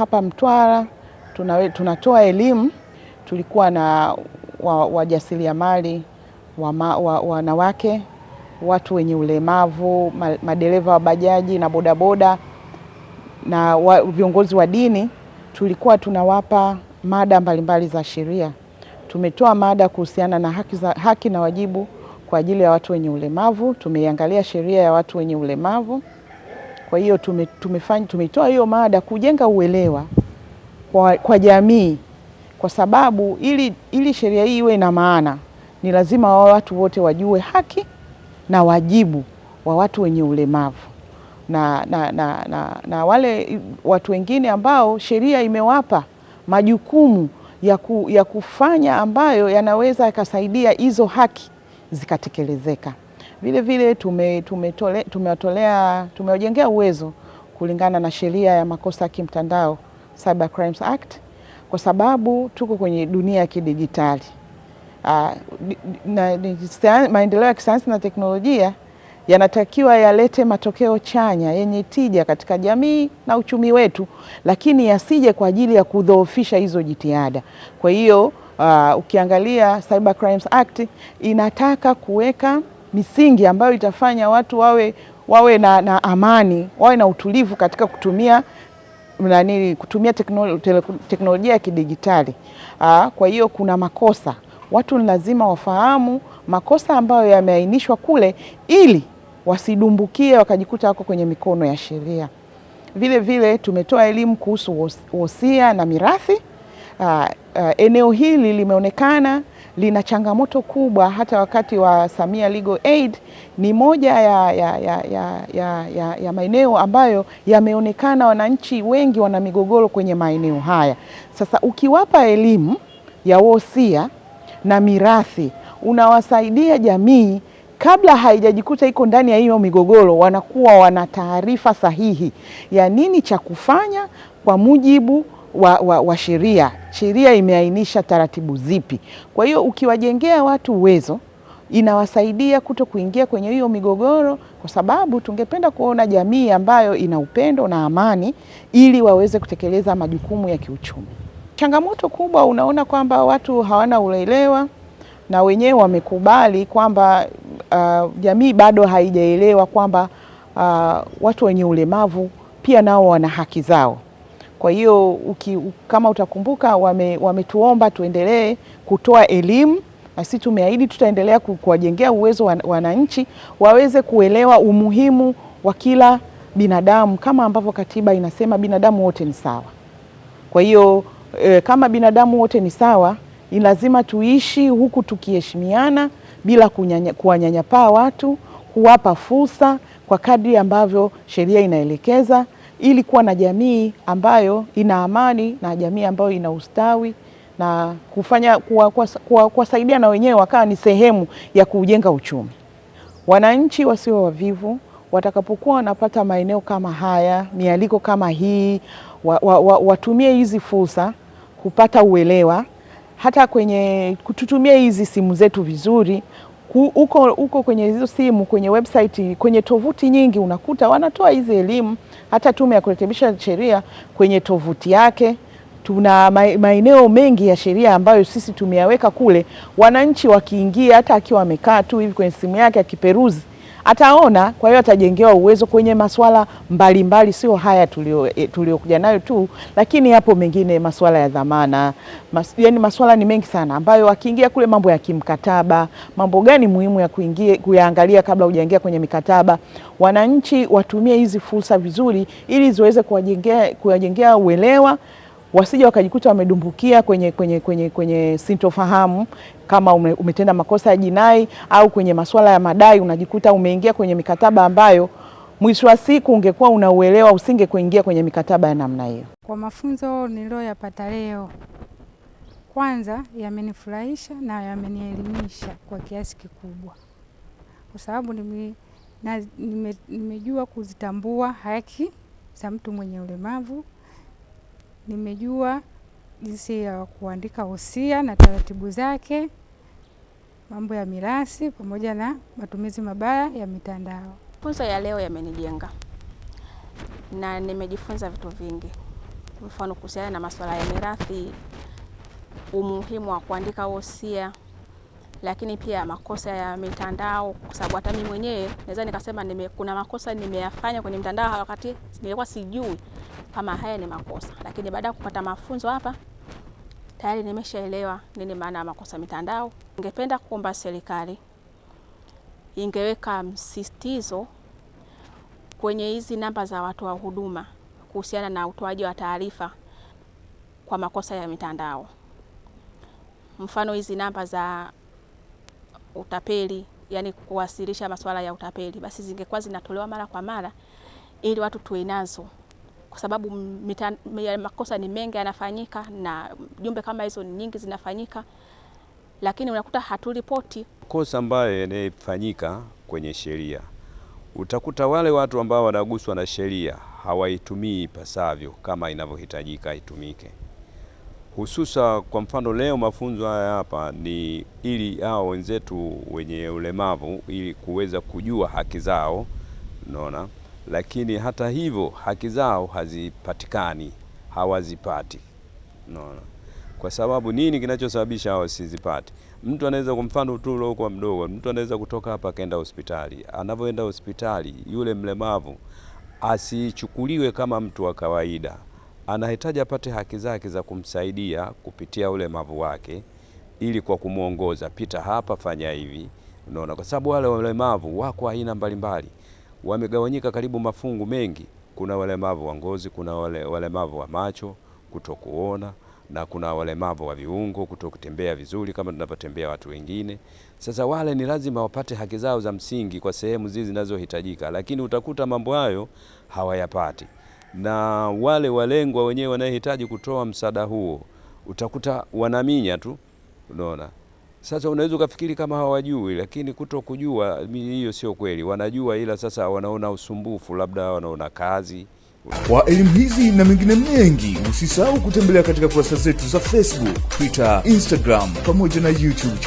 Hapa Mtwara tunawe, tunatoa elimu. Tulikuwa na wajasiriamali wa, wa wa, wanawake, watu wenye ulemavu, madereva wa bajaji na bodaboda na wa, viongozi wa dini. Tulikuwa tunawapa mada mbalimbali za sheria. Tumetoa mada kuhusiana na haki, za, haki na wajibu kwa ajili ya watu wenye ulemavu. Tumeiangalia sheria ya watu wenye ulemavu. Kwa hiyo tume, tumefanya tumeitoa hiyo mada kujenga uelewa kwa, kwa jamii kwa sababu ili, ili sheria hii iwe na maana ni lazima wa watu wote wajue haki na wajibu wa watu wenye ulemavu na, na, na, na, na wale watu wengine ambao sheria imewapa majukumu ya, ku, ya kufanya ambayo yanaweza yakasaidia hizo haki zikatekelezeka. Vile vile tumewatolea tume tumewajengea uwezo kulingana na sheria ya makosa ya kimtandao Cyber Crimes Act, kwa sababu tuko kwenye dunia ya kidijitali. Ah, maendeleo ya kisayansi na teknolojia yanatakiwa yalete matokeo chanya yenye tija katika jamii na uchumi wetu, lakini yasije kwa ajili ya kudhoofisha hizo jitihada. Kwa hiyo uh, ukiangalia Cyber Crimes Act inataka kuweka misingi ambayo itafanya watu wawe, wawe na, na amani wawe na utulivu katika kutumia nani, kutumia teknolo, teknolojia ya kidijitali. Kwa hiyo kuna makosa watu ni lazima wafahamu makosa ambayo yameainishwa kule, ili wasidumbukie wakajikuta wako kwenye mikono ya sheria. Vile vile tumetoa elimu kuhusu wosia na mirathi. Aa, aa, eneo hili limeonekana lina changamoto kubwa hata wakati wa Samia Legal Aid. Ni moja ya, ya, ya, ya, ya, ya, ya maeneo ambayo yameonekana wananchi wengi wana migogoro kwenye maeneo haya. Sasa ukiwapa elimu ya wosia na mirathi, unawasaidia jamii kabla haijajikuta iko ndani ya hiyo migogoro, wanakuwa wana taarifa sahihi ya nini cha kufanya kwa mujibu wa, wa, wa sheria sheria imeainisha taratibu zipi. Kwa hiyo ukiwajengea watu uwezo inawasaidia kuto kuingia kwenye hiyo migogoro, kwa sababu tungependa kuona jamii ambayo ina upendo na amani, ili waweze kutekeleza majukumu ya kiuchumi. Changamoto kubwa, unaona kwamba watu hawana uelewa na wenyewe wamekubali kwamba uh, jamii bado haijaelewa kwamba uh, watu wenye ulemavu pia nao wana haki zao. Kwa hiyo uki, kama utakumbuka wame, wametuomba tuendelee kutoa elimu na sisi tumeahidi tutaendelea kuwajengea uwezo wananchi waweze kuelewa umuhimu wa kila binadamu kama ambavyo katiba inasema binadamu wote ni sawa. Kwa hiyo e, kama binadamu wote ni sawa, ni lazima tuishi huku tukiheshimiana bila kuwanyanyapaa watu, kuwapa fursa kwa kadri ambavyo sheria inaelekeza ili kuwa na jamii ambayo ina amani na jamii ambayo ina ustawi na kufanya kuwasaidia na wenyewe wakawa ni sehemu ya kujenga uchumi. Wananchi wasio wavivu watakapokuwa wanapata maeneo kama haya, mialiko kama hii, wa, wa, wa, watumie hizi fursa kupata uelewa hata kwenye kututumia hizi simu zetu vizuri, huko huko kwenye hizo simu, kwenye website, kwenye tovuti nyingi unakuta wanatoa hizi elimu. Hata Tume ya Kurekebisha Sheria kwenye tovuti yake tuna maeneo mengi ya sheria ambayo sisi tumeyaweka kule, wananchi wakiingia, hata akiwa amekaa tu hivi kwenye simu yake akiperuzi ataona, kwa hiyo atajengewa uwezo kwenye masuala mbalimbali, sio haya tuliyokuja e, nayo tu, lakini yapo mengine, masuala ya dhamana mas, yani masuala ni mengi sana ambayo akiingia kule, mambo ya kimkataba, mambo gani muhimu ya kuingia kuyaangalia kabla hujaingia kwenye mikataba. Wananchi watumie hizi fursa vizuri, ili ziweze kuwajengea kuwajengea uelewa wasija wakajikuta wamedumbukia kwenye, kwenye, kwenye, kwenye sintofahamu kama ume, umetenda makosa ya jinai au kwenye masuala ya madai, unajikuta umeingia kwenye mikataba ambayo mwisho wa siku ungekuwa unauelewa usinge kuingia kwenye mikataba ya namna hiyo. Kwa mafunzo niliyoyapata leo, kwanza yamenifurahisha na yamenielimisha kwa kiasi kikubwa, kwa sababu nime, nime, nimejua kuzitambua haki za mtu mwenye ulemavu. Nimejua jinsi ya kuandika wosia na taratibu zake, mambo ya mirathi pamoja na matumizi mabaya ya mitandao. Mafunzo ya leo yamenijenga na nimejifunza vitu vingi, mfano kuhusiana na masuala ya mirathi, umuhimu wa kuandika wosia, lakini pia makosa ya mitandao, kwa sababu hata mimi mwenyewe naweza nikasema nime, kuna makosa nimeyafanya kwenye mitandao wakati nilikuwa sijui kama haya ni makosa, lakini baada ya kupata mafunzo hapa tayari nimeshaelewa nini maana ya makosa mitandao. Ningependa kuomba serikali ingeweka msisitizo kwenye hizi namba za watu wa huduma kuhusiana na utoaji wa taarifa kwa makosa ya mitandao, mfano hizi namba za utapeli, yani kuwasilisha masuala ya utapeli, basi zingekuwa zinatolewa mara kwa mara ili watu tuwe nazo kwa sababu mita, makosa ni mengi yanafanyika na jumbe kama hizo ni nyingi zinafanyika, lakini unakuta haturipoti kosa ambayo inayofanyika kwenye sheria. Utakuta wale watu ambao wanaguswa na sheria hawaitumii ipasavyo kama inavyohitajika itumike, hususa kwa mfano leo mafunzo haya hapa ni ili hao wenzetu wenye ulemavu ili kuweza kujua haki zao, unaona lakini hata hivyo haki zao hazipatikani, hawazipati. Unaona, kwa sababu nini kinachosababisha hao sizipati? Mtu anaweza kwa mfano tu kwa mdogo, mtu anaweza kutoka hapa akaenda hospitali. Anavyoenda hospitali, yule mlemavu asichukuliwe kama mtu wa kawaida, anahitaji apate haki zake za kumsaidia kupitia ulemavu wake, ili kwa kumwongoza, pita hapa, fanya hivi. Unaona, kwa sababu wale walemavu wako aina mbalimbali wamegawanyika karibu mafungu mengi. Kuna walemavu wa ngozi, kuna wale walemavu wa macho kutokuona, na kuna walemavu wa viungo kutokutembea vizuri kama tunavyotembea watu wengine. Sasa wale ni lazima wapate haki zao za msingi kwa sehemu zizi zinazohitajika, lakini utakuta mambo hayo hawayapati, na wale walengwa wenyewe wanayehitaji kutoa msaada huo utakuta wanaminya tu, unaona. Sasa unaweza ukafikiri kama hawajui, lakini kuto kujua hiyo sio kweli. Wanajua, ila sasa wanaona usumbufu, labda wanaona kazi. Kwa elimu hizi na mengine mengi, usisahau kutembelea katika kurasa zetu za Facebook, Twitter, Instagram pamoja na YouTube.